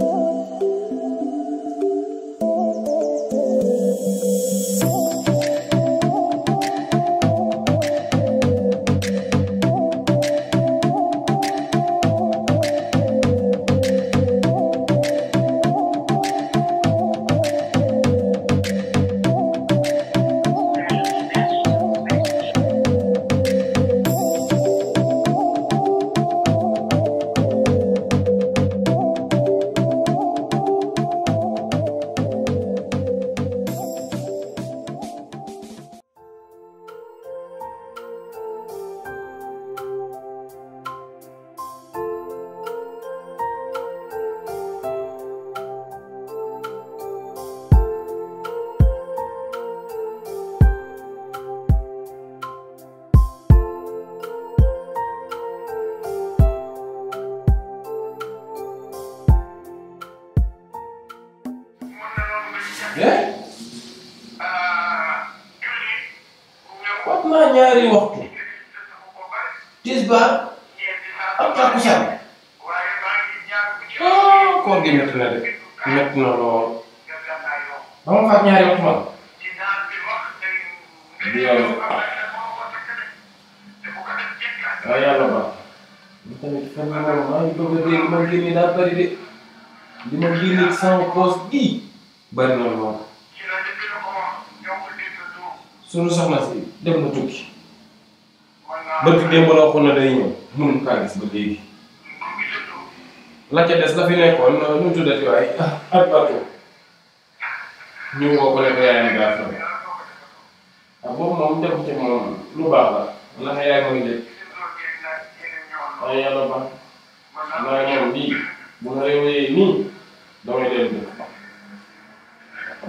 Oh. eh wat naa ñaari waxtu tisbaar ak takusaan oh koor gi métti na de métti na lool dama faat ñaari waxtu man du yoon waaw yàlla ba tamit fan maa ngi bëgg a dégg man génne daa bari de ma bari na lool. suñu soxna si dem na tukki. bëgg démb la waxoon na day ñëw mënuñ kaa gis ba léegi. la ca des la fi nekkoon nu mu tuddati waaye ak ah, bato. ñu woo ko nekk yaayam gaa xam. ah boobu moom dem ca moom lu baax la ndax yaay mooy njëkk. waaye yàlla baax naa ñëw nii bu ma réewee nii damay dem dëkk.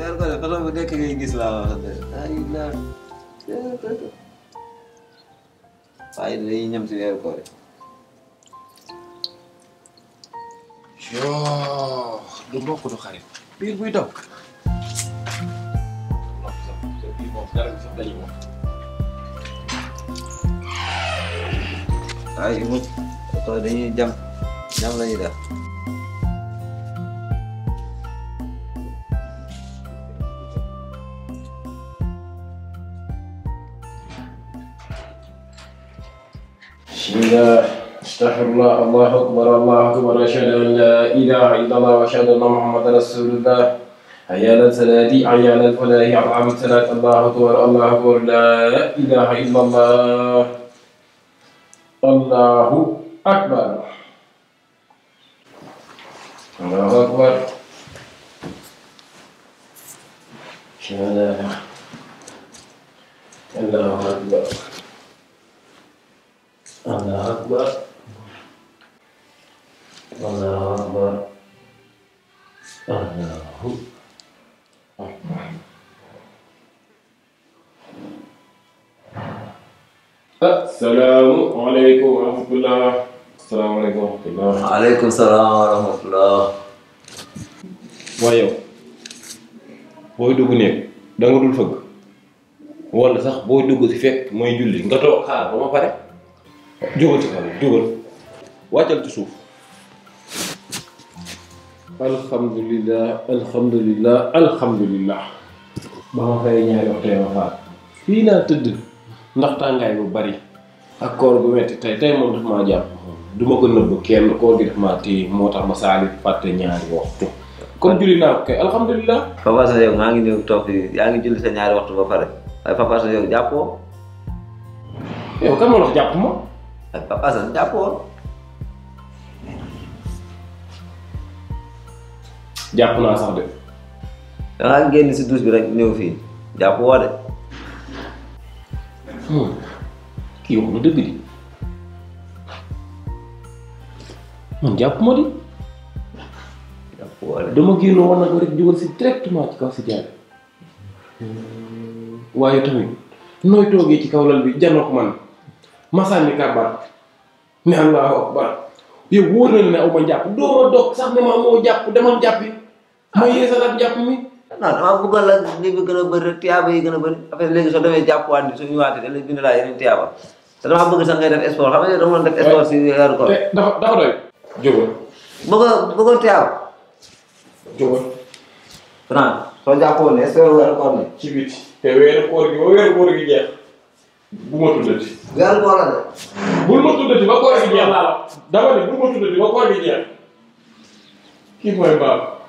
weer ko de façon bu nekk ngay gis laa wax de ay naan waaye dañuy ñam si weer ko de. yoo du mbokk du xarit. biir buy daw. ay moom dañuy jam jam la ñuy بسم الله استغفر الله الله اكبر الله اكبر اشهد ان لا اله الا الله واشهد ان محمدا رسول الله حي على الصلاه حي على الفلاح اطعم الصلاه الله اكبر الله اكبر لا اله الا الله الله اكبر الله اكبر شهاده الله اكبر الله أكبر الله waaye yow booy dugg néeg danga dul fëgg wala sax booy dugg si fekk mooy julli nga toog xaar ba pare jógal ci kaw jógal wàccal ci suuf alhamdulilah alhamdulilah alhamdulilah. ba ma fay ñaari waxtu ma faat. fii naa tëdd ndax tàngaay bu bari ak koor bu metti tey tey moom daf maa jàpp du ma ko nëbb kenn koor gi daf maa téye moo tax ma saali fàtte ñaari waxtu. kon julli naa ko kay alhamdulilah. Papa Assane maa ngi ñëw toog fii yaa ngi julli sa ñaari waxtu ba pare waaye Papa Assane yow jàppoo. yow kan moo la jàpp ma. ak Papa jàppoo. jàpp naa sax de. da ngaa génn si douche bi rek ñëw fii jàpp woo de. kii wax na dëgg di man jàpp ma di. jàpp woo de dama génn woon nag rek jógal si directement hmm. ci kaw si jaay waaye tamit nooy toogee ci kaw lal bi janook man masaani kabar ne allahu akbar yow wóor na ne aw ma jàpp doo ma dog sax ne ma moo jàpp demal jàppi. Ah. ma yeesalaat jàpp mi. non damaa bëggoon la li bi gën a bëri rek tiyaaba yi gën a bëri après léegi soo demee jàppuwaat bi suñu waatee dañ lay bind laa yeneen tiyaaba te damaa bëgg sax ngay def sport xam nga soo jàppoon ne sport weeru koor ne. ci biti te weeru koor gi ba weeru koor gi ba koor gi jeex laa la dama ne bul ba koor gi jeex kii mooy baax.